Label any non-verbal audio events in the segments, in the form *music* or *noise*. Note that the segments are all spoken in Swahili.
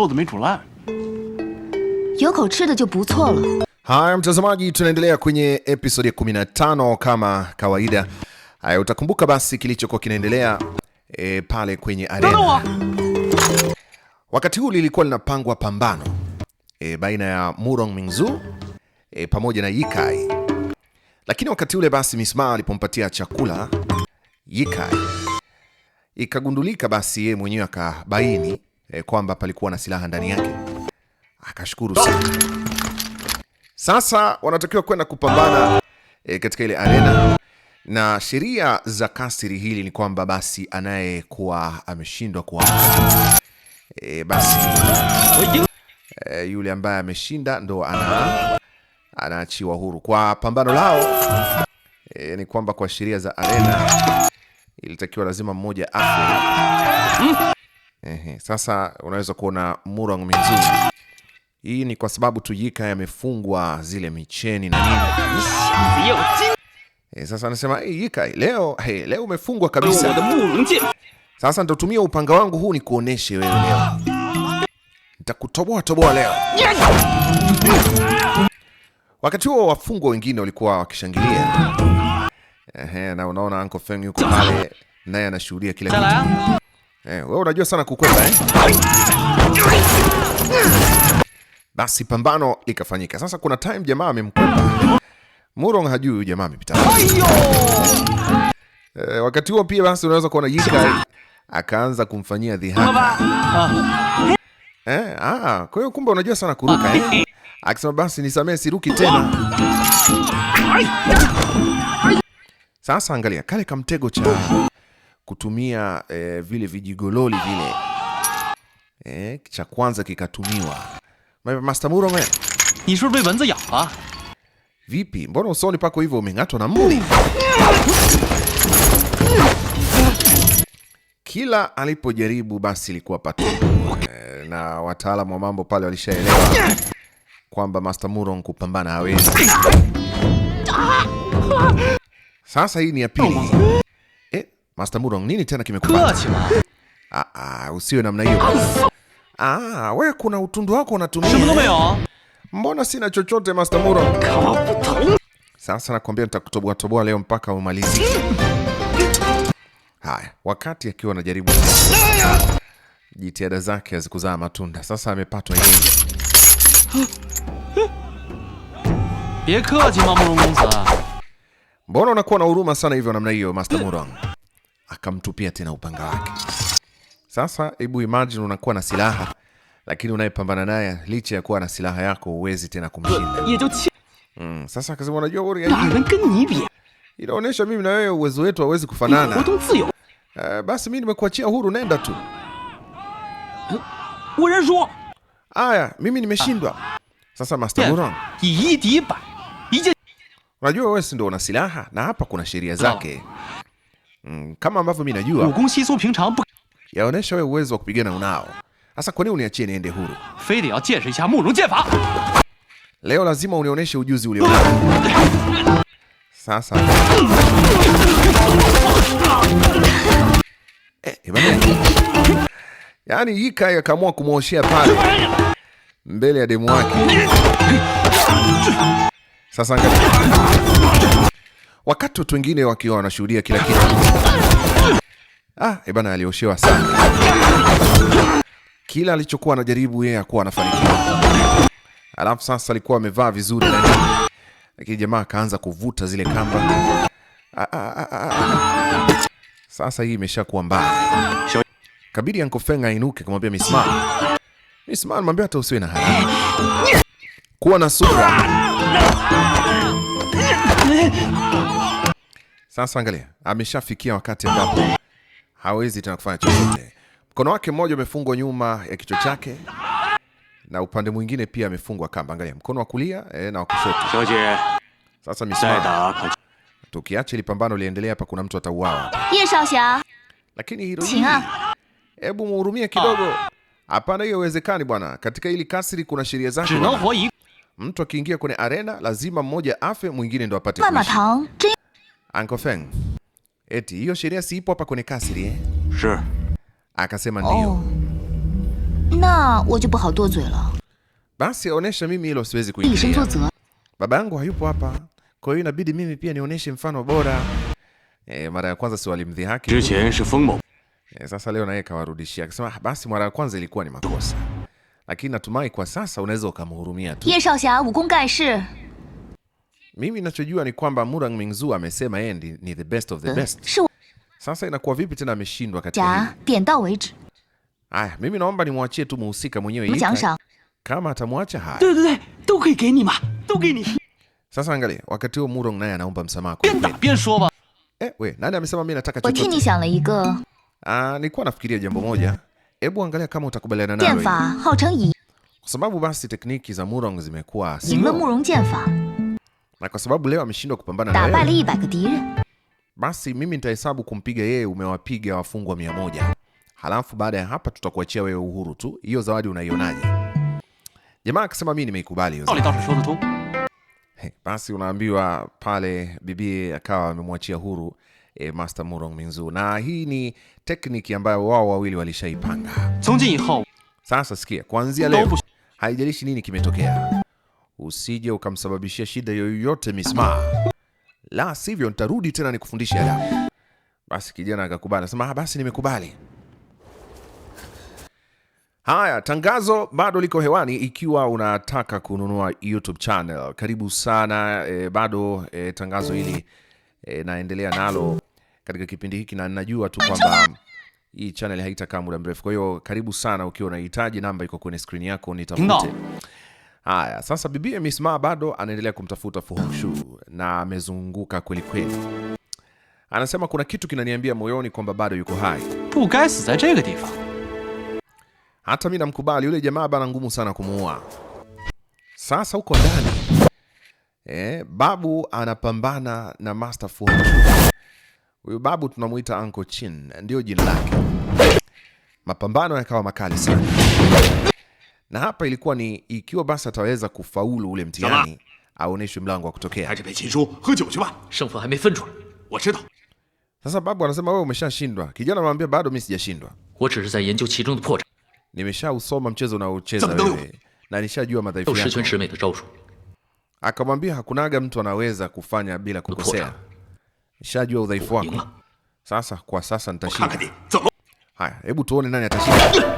豆子没煮烂。有口吃的就不错了。Haya mtazamaji, tunaendelea kwenye episodi ya 15 kama kawaida. Haya, utakumbuka basi kilichokuwa kinaendelea e, pale kwenye arena. Wakati huu lilikuwa linapangwa pambano e, baina ya Murong Mingzu e, pamoja na Yikai, lakini wakati ule basi Misma alipompatia chakula Yikai, ikagundulika basi yeye mwenyewe akabaini eh, kwamba palikuwa na silaha ndani yake. Akashukuru sana. Sasa wanatakiwa kwenda kupambana eh, katika ile arena na sheria za kasri hili ni kwamba basi anayekuwa ameshindwa kuwa eh, basi eh, yule ambaye ameshinda ndo ana anaachiwa huru. Kwa pambano lao e, ni kwamba kwa sheria za arena ilitakiwa lazima mmoja afe Ehe, sasa unaweza kuona Murang Minzui. Hii ni kwa sababu tu Yika yamefungwa zile micheni na nini. E, sasa anasema hey, Yika leo, hey, leo umefungwa kabisa. Sasa nitatumia upanga wangu huu ni kuoneshe wewe leo. Nitakutoboa toboa leo. Wakati huo wafungwa wengine walikuwa wakishangilia. Ehe, na unaona Uncle Feng yuko pale naye anashuhudia kila kitu. Eh, wewe unajua sana kukwepa eh? Basi pambano likafanyika. Sasa kuna time jamaa amemkwepa. Murong hajui huyu jamaa amepita. Eh, wakati huo pia basi unaweza kuona Yika akaanza kumfanyia dhihaka. Eh, ah, kwa hiyo kumbe unajua sana kuruka eh? Akisema basi nisamee, siruki tena. Sasa angalia kale kamtego cha kutumia eh, vile vijigololi vile eh, cha kwanza kikatumiwa. Master Muro ni vipi? Mbona usoni pako hivyo umeng'atwa na mbu? Kila alipojaribu basi ilikuwa pato eh, na wataalamu wa mambo pale walishaelewa kwamba Master Muro kupambana hawezi. Sasa hii ni ya pili Master Murong, nini tena kimekupata? Ah, ah, usiwe namna hiyo. Ah, we kuna utundu wako unatumia. Mbona sina chochote Master Murong? Sasa nakwambia nitakutoboa toboa leo mpaka umalizi. Haya, wakati akiwa anajaribu jitihada zake hazikuzaa matunda. Sasa amepatwa yeye. Mbona unakuwa na huruma sana hivyo namna hiyo Master Murong? akamtupia tena upanga wake. Sasa hebu imagine unakuwa na silaha lakini unayepambana naye licha ya kuwa na silaha yako huwezi tena kumshinda. Mm, sasa akasema unajua wewe inaonyesha mimi na wewe uwezo wetu hauwezi kufanana. Uh, basi mimi nimekuachia huru nenda tu. Aya, mimi nimeshindwa. Sasa Master Buron. Unajua wewe si ndio una silaha na hapa kuna sheria zake. Mm, kama ambavyo mimi najua yaonesha wewe uwezo wa kupigana unao. Sasa kwa nini uniachie niende huru? Leo lazima unionyeshe ujuzi ule. Sasa eh, yaani hii Kai akaamua kumwoshea pale mbele ya demu wake. Sasa angalia wakati watu wengine wakiwa wanashuhudia kila kitu. Ah, ebana eh alioshewa sana. Kila alichokuwa anajaribu yeye akuwa anafanikiwa. Alafu sasa alikuwa amevaa vizuri lakini jamaa akaanza kuvuta zile kamba. Ah, ah, ah, ah. ah. Sasa hii imeshakuwa mbaya. Kabidi Uncle Feng ainuke kumwambia Miss Man. Miss Man, mwambie hata usiwe na haraka. Kuwa na subira. Sasa angalia, ameshafikia wakati ambapo hawezi tena kufanya chochote. Mkono wake mmoja umefungwa nyuma ya kichwa chake na upande mwingine pia amefungwa kamba. Angalia mkono wa kulia eh, na wa kushoto. Sasa misimama. Tukiacha ile pambano liendelee hapa kuna mtu atauawa. Lakini hilo hili. Hebu muhurumie kidogo. Hapana, hiyo haiwezekani bwana. Katika hili kasri kuna sheria zake. Mtu akiingia kwenye arena lazima mmoja afe, mwingine ndo apate. Uncle Feng, eti hiyo sheria si ipo hapa kwenye kasri eh? Sure. Akasema ndio. Oh. Na wo Basi aonyesha mimi hilo siwezi kuingilia. Baba yangu hayupo hapa. Kwa hiyo inabidi mimi pia nionyeshe mfano bora. E, mara ya kwanza si walimdhihaki. E, eh, sasa leo naye kawarudishia. Akasema ah, basi mara ya kwanza ilikuwa ni makosa lakini natumai kwa sasa unaweza ukamhurumia tu. Ye Shaoxia Wukong Gai Shi. Mimi nachojua ni kwamba Murang Mingzu amesema yeye ni the best of the eh, best. Sasa inakuwa vipi tena ameshindwa katika hili? Aya, mimi naomba nimwachie tu muhusika mwenyewe yeye. kama atamwacha haya. ni ni. ma, Sasa angalia, wakati huo Murong naye anaomba msamaha. kwa. shuo ba. Eh, we, nani amesema mimi nataka chochote? Ah, nilikuwa nafikiria jambo moja. Hebu angalia kama utakubaliana nayo. Kwa sababu basi tekniki za Murong zimekuwa na kwa sababu leo ameshindwa kupambana na yeye. Basi mimi nitahesabu kumpiga yeye, umewapiga wafungwa 100. Halafu baada ya hapa tutakuachia wewe uhuru tu. Hiyo zawadi unaionaje? Jamaa akasema mimi nimeikubali hiyo zawadi. Basi unaambiwa pale, bibi akawa amemwachia huru e, Master Murong Minzu, na hii ni tekniki ambayo wao wawili walishaipanga. Sasa sikia, kuanzia leo haijalishi nini kimetokea, usije ukamsababishia shida yoyote Miss Ma, la sivyo nitarudi tena nikufundishe adabu. Basi kijana akakubali, sema ah, basi nimekubali. Haya, tangazo bado liko hewani. Ikiwa unataka kununua YouTube channel, karibu sana. E, bado e, tangazo hili e, naendelea nalo katika kipindi hiki, na najua tu kwamba hii channel haitakaa muda mrefu. Kwa hiyo karibu sana, ukiwa unahitaji namba iko kwenye screen yako nitafute. Haya, sasa bibi Miss Ma bado anaendelea kumtafuta Fu Hongxue na amezunguka kweli kweli. Anasema kuna kitu kinaniambia moyoni kwamba bado yuko hai. Hata mimi namkubali yule jamaa bana, ngumu sana kumuua. Sasa uko ndani eh, babu anapambana na Master Fu. Huyu babu tunamuita Uncle Chin, ndio jina lake. Mapambano yakawa makali sana, na hapa ilikuwa ni ikiwa basi ataweza kufaulu ule mtihani aoneshwe mlango wa kutokea. Sasa babu anasema wewe umeshashindwa. Kijana anamwambia bado mimi sijashindwa, nimeshausoma mchezo unaocheza wewe na nishajua madhaifu yako akamwambia hakunaga mtu anaweza kufanya bila kukosea, ishajua udhaifu wako. Sasa kwa sasa nitashinda. Haya, hebu tuone nani atashinda.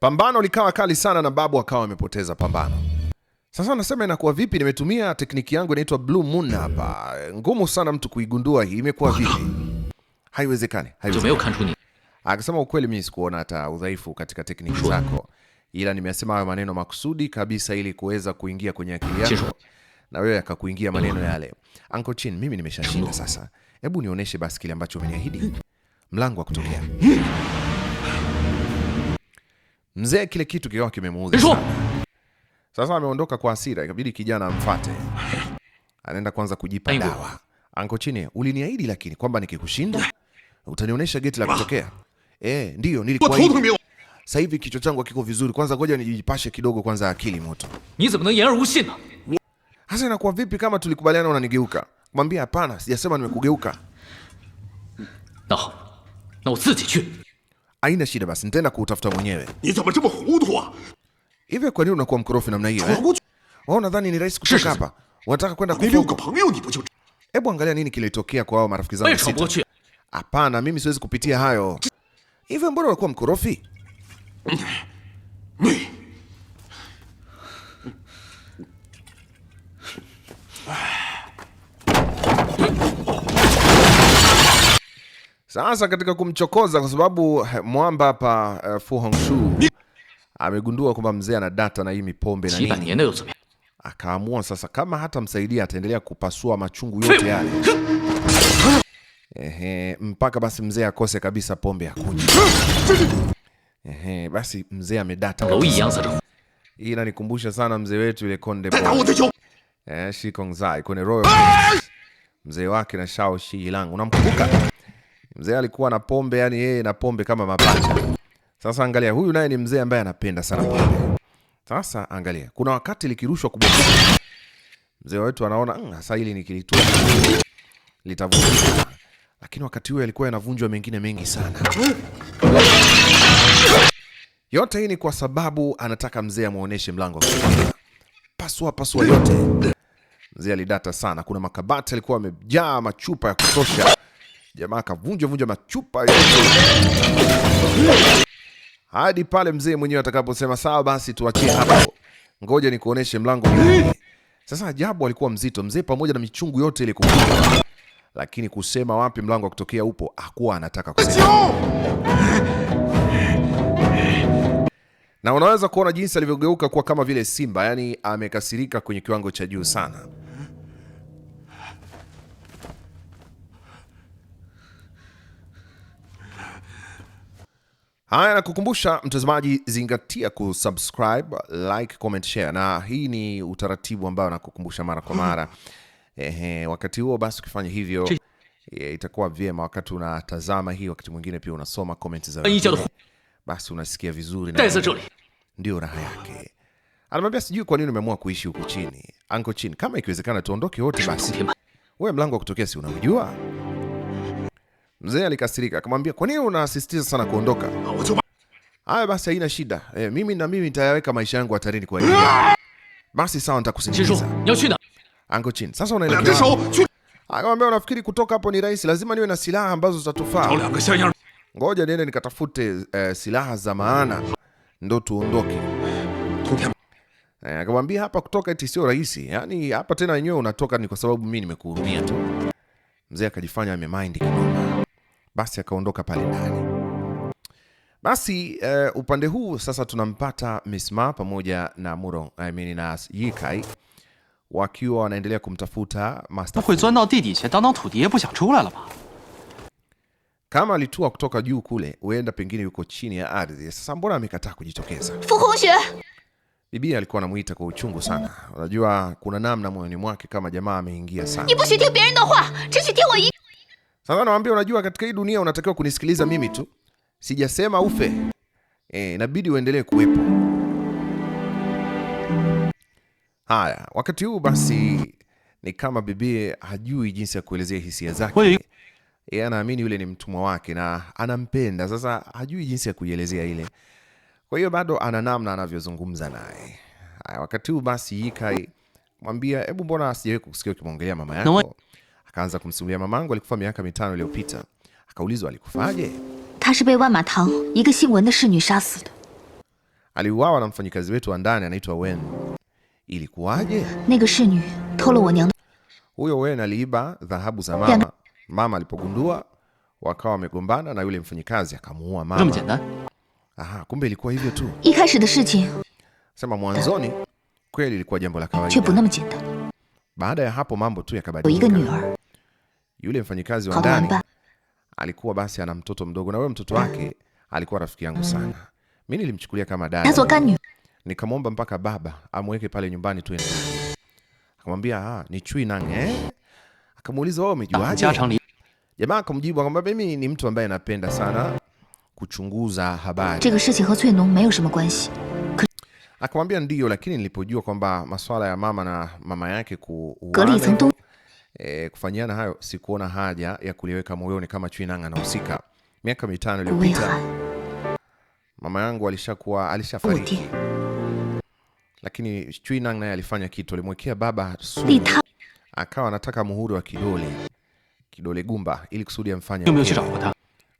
Pambano likawa kali sana na babu akawa amepoteza pambano. Sasa nasema inakuwa vipi? Nimetumia tekniki yangu inaitwa Blue Moon hapa, ngumu sana mtu kuigundua hii, imekuwa vipi? haiwezekani, haiwezekani. Akasema ukweli, mimi sikuona hata udhaifu katika tekniki zako, ila nimesema hayo maneno makusudi kabisa ili kuweza kuingia kwenye akili yako na wewe akakuingia maneno yale. Uncle Chin, mimi nimeshashinda sasa, hebu nionyeshe basi kile ambacho umeniahidi, mlango wa kutokea. Mzee kile kitu kikawa kimemuudhi Sasa ameondoka kwa hasira, ikabidi kijana amfate. Anaenda kwanza kujipa dawa. Uncle Chin, uliniahidi lakini kwamba nikikushinda utanionyesha geti la ah. kutokea. Eh, ndio nilikuwa Sasa hivi kichwa changu kiko vizuri. Kwanza ngoja nijipashe kidogo kwanza akili moto. Sasa inakuwa vipi kama tulikubaliana unanigeuka? Mwambie hapana, sijasema nimekugeuka. Aina shida basi, nitaenda kuutafuta mwenyewe. Hivi kwa nini unakuwa mkorofi namna hiyo? Eh? Wao unadhani ni rahisi kutoka hapa? Unataka kwenda kufuka. Hebu angalia nini kilitokea kwa hao marafiki zangu sita. Hapana, mimi siwezi kupitia hayo. Hivyo mbona unakuwa mkorofi? Sasa katika kumchokoza, kwa sababu eh, mwamba hapa uh, Fu Hongxue amegundua kwamba mzee ana data na hii mipombe na nini, akaamua sasa kama hata msaidia ataendelea kupasua machungu yote yale. Ehe, mpaka basi mzee akose kabisa pombe ya kunywa. Ehe, basi mzee amedata. Hii inanikumbusha sana mzee wetu yule Konde Boy. Eh, Shi Kongzai kwenye Royal mzee wake na Shao Shi Ilang, unamkumbuka? Mzee alikuwa na pombe, yani yeye na pombe kama mapacha. Sasa angalia, huyu naye ni mzee ambaye anapenda sana pombe. Sasa angalia, kuna wakati likirushwa kubwa, mzee wetu anaona mm, sasa hili nikilitua litavuta lakini wakati huo yalikuwa yanavunjwa mengine mengi sana. Yote hii ni kwa sababu anataka mzee amwonyeshe mlango. Pasua pasua yote. Mzee alidata sana. Kuna makabati alikuwa amejaa machupa ya kutosha. Jamaa akavunja vunja machupa yote hadi pale mzee mwenyewe atakaposema sawa, basi tuachie hapo, ngoja nikuoneshe mlango. Sasa ajabu, alikuwa mzito mzee, pamoja na michungu yote ile lakini kusema wapi mlango wa kutokea upo hakuwa anataka kusema. Na unaweza kuona jinsi alivyogeuka kuwa kama vile simba, yani amekasirika kwenye kiwango cha juu sana. Haya, nakukumbusha mtazamaji, zingatia kusubscribe, like, comment, share, na hii ni utaratibu ambao nakukumbusha mara kwa mara *laughs* Ehe, wakati huo basi ukifanya hivyo e, itakuwa vyema. Wakati unatazama hii, wakati mwingine pia unasoma comment za wengine, basi unasikia vizuri na ndio raha yake. Anamwambia sijui kwa nini umeamua kuishi huku chini anko chini, kama ikiwezekana tuondoke wote basi. Wewe mlango wa kutokea si unaujua? Mzee alikasirika akamwambia, kwa nini unasisitiza sana kuondoka? Haya basi, haina shida e, mimi na mimi nitayaweka maisha yangu hatarini kwa hiyo. Basi sawa, nitakusindikiza Uncle Chin. Sasa unaelekea. Akamwambia unafikiri kutoka hapo ni rahisi? Lazima niwe na silaha ambazo zitatufaa. Ngoja niende nikatafute eh, silaha za maana ndo tuondoke. Eh, Akamwambia hapa kutoka eti sio rahisi. Yaani hapa tena wenyewe unatoka ni kwa sababu mimi nimekuhurumia tu. Mzee akajifanya amemind kidogo. Basi akaondoka pale ndani. Basi uh, upande huu sasa tunampata Miss Ma pamoja na Murong, I mean na Yikai wakiwa wanaendelea kumtafuta Kama alitua kutoka juu kule, huenda pengine yuko chini ya ardhi. Sasa mbona amekataa kujitokeza? Bibi alikuwa anamuita kwa uchungu sana. Unajua kuna namna moyoni mwake kama jamaa ameingia sana. Sasa nawaambia, unajua katika hii dunia unatakiwa kunisikiliza mimi tu. Sijasema ufe. Eh, inabidi uendelee kuwepo. Haya, wakati huu basi ni kama bibi hajui jinsi ya kuelezea hisia zake. Yeye anaamini yule ni mtumwa wake na anampenda, sasa hajui jinsi ya kuielezea ile. Kwa hiyo bado ana namna anavyozungumza naye. Haya, wakati huu basi Yikai mwambia, hebu mbona sijawahi kusikia ukimwongelea mama yako? Akaanza kumsimulia, mamangu alikufa miaka mitano iliyopita. Akaulizwa alikufaje? Aliuawa na mfanyikazi wetu wa ndani anaitwa Wen Ilikuwaje? Huyo wewe aliiba dhahabu za mama. Mama alipogundua wakawa wamegombana na yule mfanyikazi akamuua mama. Aha, kumbe ilikuwa hivyo tu. Sema mwanzoni kweli ilikuwa jambo la kawaida. Baada ya hapo mambo tu yakabadilika. Yule mfanyikazi wa ndani alikuwa basi ana mtoto mdogo na wewe mtoto wake alikuwa rafiki yangu sana. Mimi nilimchukulia kama dada nikamwomba mpaka baba amweke pale nyumbani tu. Akamwambia ah, ni chui nange eh? Akamuuliza wewe umejuaje? Ah, Jamaa akamjibu akamwambia mimi ni mtu ambaye anapenda sana kuchunguza habari. Akamwambia ndiyo, lakini nilipojua kwamba masuala ya mama na mama yake ku eh, kufanyiana hayo sikuona haja ya kuliweka moyoni kama chui nange anahusika. Miaka mitano iliyopita mama yangu alishakuwa alishafariki lakini Chui Nang naye alifanya kitu, alimwekea baba sumu, akawa anataka muhuri wa kidole kidole gumba ili kusudi amfanye.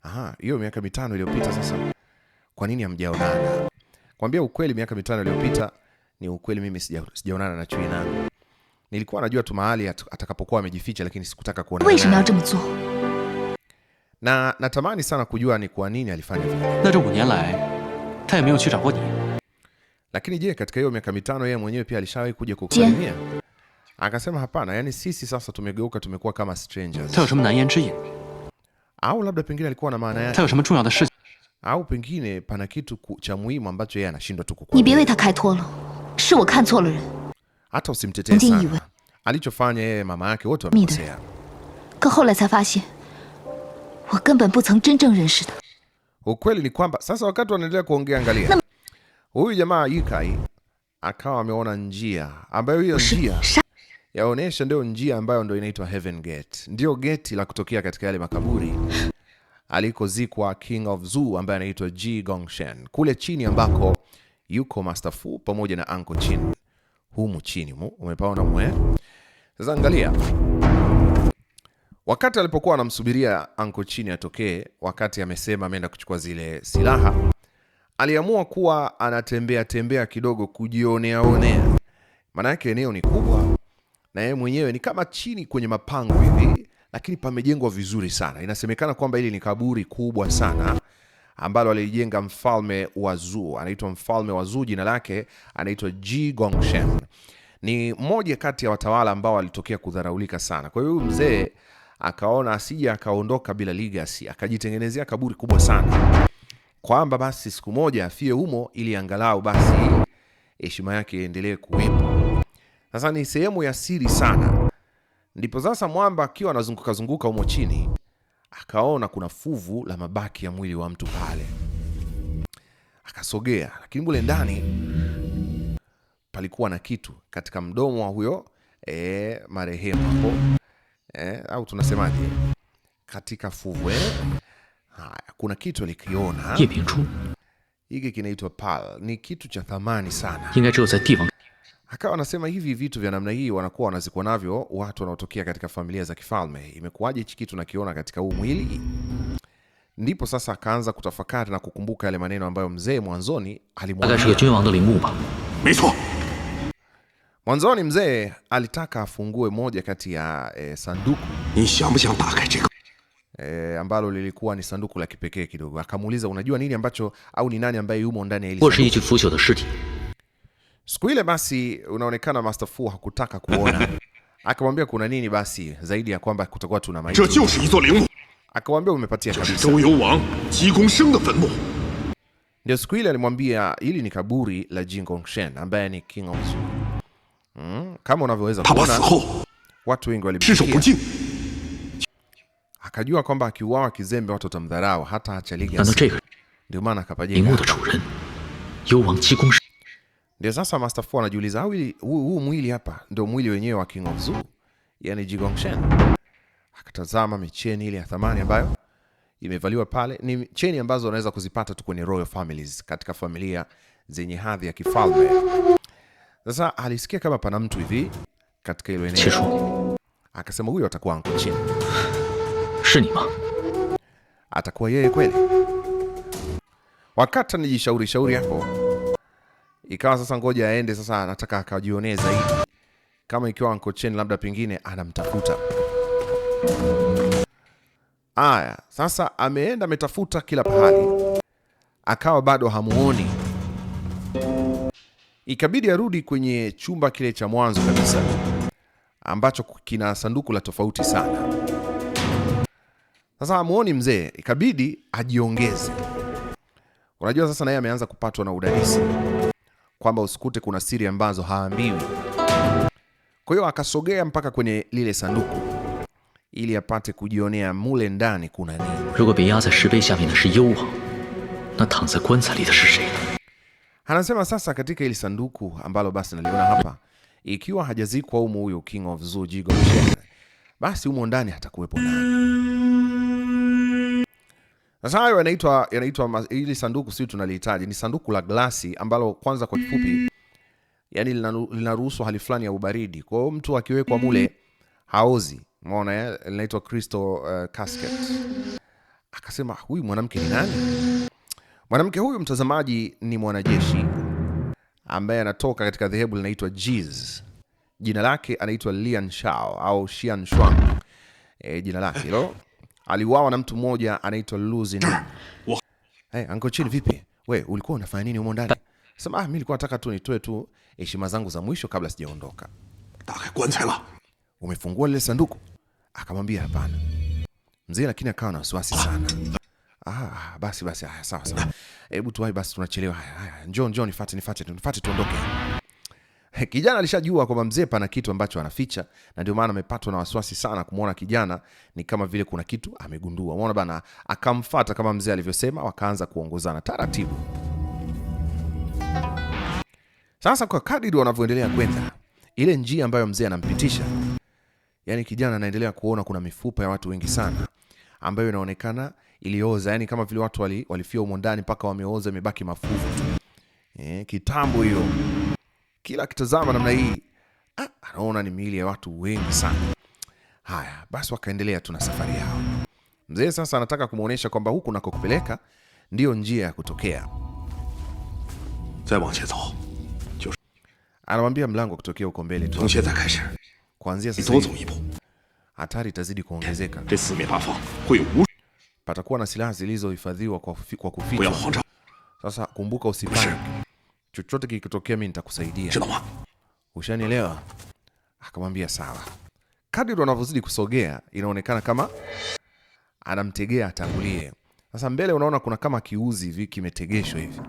Aha, hiyo miaka mitano iliyopita. Sasa kwa nini hamjaonana? Kwambia ukweli, miaka mitano iliyopita ni ukweli, mimi sijaonana na Chui Nang. Nilikuwa najua tu mahali atakapokuwa amejificha, lakini sikutaka kuona. Na natamani sana kujua ni kwa nini alifanya vile. Lakini je, katika hiyo miaka mitano yeye mwenyewe pia alishawahi kuja kukusalimia? Akasema hapana, yani sisi sasa tumegeuka tumekuwa kama strangers. Au labda pengine alikuwa na maana yake. Au pengine pana kitu cha muhimu ambacho yeye anashindwa tu kukuambia. Hata usimtetee sana. Alichofanya yeye mama yake wote wamekosea. Ukweli ni kwamba sasa wakati wanaendelea kuongea, angalia Huyu jamaa Yukai akawa ameona njia ambayo hiyo njia yaonesha ndio njia ambayo ndio inaitwa Heaven Gate, ndio geti la kutokea katika yale makaburi alikozikwa King of Zoo ambaye anaitwa Ji Gongshen, kule chini ambako yuko Master Fu pamoja na Uncle Chin. Humu chini mu umepaona mwe. Sasa angalia, wakati alipokuwa anamsubiria Uncle Chin atokee, wakati amesema ameenda kuchukua zile silaha aliamua kuwa anatembea tembea kidogo kujioneaonea, maana yake eneo ni kubwa na yeye mwenyewe ni kama chini kwenye mapango hivi, lakini pamejengwa vizuri sana. Inasemekana kwamba hili ni kaburi kubwa sana ambalo alijenga mfalme wa Zuu, anaitwa mfalme wa Zuu, jina lake anaitwa Ji Gongshen. Ni mmoja kati ya watawala ambao walitokea kudharaulika sana. Kwa hiyo mzee akaona asija akaondoka bila legacy, akajitengenezea kaburi kubwa sana kwamba basi siku moja afie humo, ili angalau basi heshima yake iendelee kuwepo. Sasa ni sehemu ya siri sana, ndipo sasa mwamba akiwa anazunguka zunguka humo chini akaona kuna fuvu la mabaki ya mwili wa mtu pale, akasogea, lakini mule ndani palikuwa na kitu katika mdomo wa huyo e, marehemu hapo e, au tunasemaje katika fuvu eh? Haya, kuna kitu alikiona. Hiki kinaitwa pal, ni kitu cha thamani sana. Akawa anasema hivi vitu vya namna hii wanakuwa wanazikuwa navyo watu wanaotokea katika familia za kifalme. Imekuwaje hichi kitu nakiona katika huu mwili? Ndipo sasa akaanza kutafakari na kukumbuka yale maneno ambayo mzee mwanzoni alimwambia. Mwanzoni mzee alitaka afungue moja kati ya eh, sanduku e, ambalo lilikuwa ni sanduku la kipekee kidogo. Akamuuliza, unajua nini ambacho au ni nani ambaye yumo ndani ya hili sanduku? Siku ile basi, unaonekana Master Fu hakutaka kuona, *laughs* akamwambia kuna nini basi zaidi ya kwamba kutakuwa tuna maiti. Akamwambia umepatia kabisa. Ndio siku ile alimwambia hili ni kaburi la Jin Gongshen ambaye ni King of Zulu. Mm, kama unavyoweza kuona watu wengi walibikia akajua kwamba akiuawa kizembe watu watamdharau, hata acha ligi. Ndio maana akapajenga. Ndio sasa Master Fu anajiuliza huu mwili hapa ndio mwili wenyewe wa King of Zu, yani Jigongshen. Akatazama micheni ile ya thamani ambayo imevaliwa pale, ni cheni ambazo unaweza kuzipata tu kwenye royal families, katika familia zenye hadhi ya kifalme. Sasa alisikia kama pana mtu hivi katika hilo eneo, akasema huyo atakuwa anko chini atakuwa yeye kweli? Wakati anajishauri shauri hapo, ikawa sasa, ngoja aende sasa, anataka akajionee zaidi kama ikiwa Uncle Chen labda pengine anamtafuta. Aya, sasa ameenda ametafuta kila pahali, akawa bado hamuoni. Ikabidi arudi kwenye chumba kile cha mwanzo kabisa ambacho kina sanduku la tofauti sana sasa amuoni mzee, ikabidi ajiongeze. Unajua sasa naye ameanza kupatwa na udadisi kwamba usikute kuna siri ambazo haambiwi. Kwa hiyo akasogea mpaka kwenye lile sanduku ili apate kujionea mule ndani kuna nini. Anasema sasa katika ile sanduku ambalo basi naliona hapa, ikiwa hajazikwa humo huyo King of Zhu Jigong, basi humo ndani hatakuwepo nani. Sasa hayo yanaitwa yanaitwa hili sanduku sisi tunalihitaji, ni sanduku la glasi ambalo kwanza kwa kifupi, mm. yani linaruhusu hali fulani ya ubaridi. Kwa hiyo mtu akiwekwa mm. mule haozi. Umeona eh, linaitwa crystal uh, casket. Akasema huyu mwanamke ni nani? Mwanamke huyu mtazamaji, ni mwanajeshi ambaye anatoka katika dhehebu linaitwa Jiz. Jina lake anaitwa Lian Shao au Xian Shuang. Eh, jina lake hilo aliuawa na mtu mmoja anaitwa Luzin. Hey, *clears throat* eh, Uncle Chill vipi? We, ulikuwa unafanya nini humo ndani? Sema, ah, mimi nilikuwa nataka tu nitoe tu heshima zangu za mwisho kabla sijaondoka. Umefungua lile sanduku? Akamwambia hapana. Mzee lakini akawa na wasiwasi sana. Ah, basi basi, haya sawa sawa. *clears throat* Hebu tuwai basi tunachelewa. Haya haya, njoo njoo nifuate nifuate nifuate tuondoke. *laughs* Kijana alishajua kwamba mzee pana kitu ambacho anaficha, na ndio maana amepatwa na wasiwasi sana kumwona kijana, ni kama vile kuna kitu amegundua. Umeona bana, akamfata kama mzee alivyosema, wakaanza kuongozana taratibu. Sasa kwa kadiri wanavyoendelea kwenda, ile njia ambayo mzee anampitisha, yani kijana anaendelea kuona kuna mifupa ya watu wengi sana ambayo inaonekana ilioza, yani kama vile watu walifia wali humo ndani mpaka wameoza, imebaki mafuvu tu. Eh, kitambo hiyo kila akitazama namna hii ah, anaona ni miili ya watu wengi sana. Haya basi, wakaendelea tu na safari yao. Mzee sasa anataka kumwonyesha kwamba huku nakokupeleka ndio njia ya kutokea. Anamwambia mlango wa kutokea uko mbele tu, kuanzia sasa hatari itazidi kuongezeka, patakuwa na silaha zilizohifadhiwa kwa kufichwa. Sasa kumbuka, usipani chochote kikitokea mi nitakusaidia, ushanielewa? Akamwambia sawa. Kadri wanavyozidi kusogea, inaonekana kama anamtegea atangulie. Sasa mbele unaona kuna kama kiuzi hivi kimetegeshwa hivi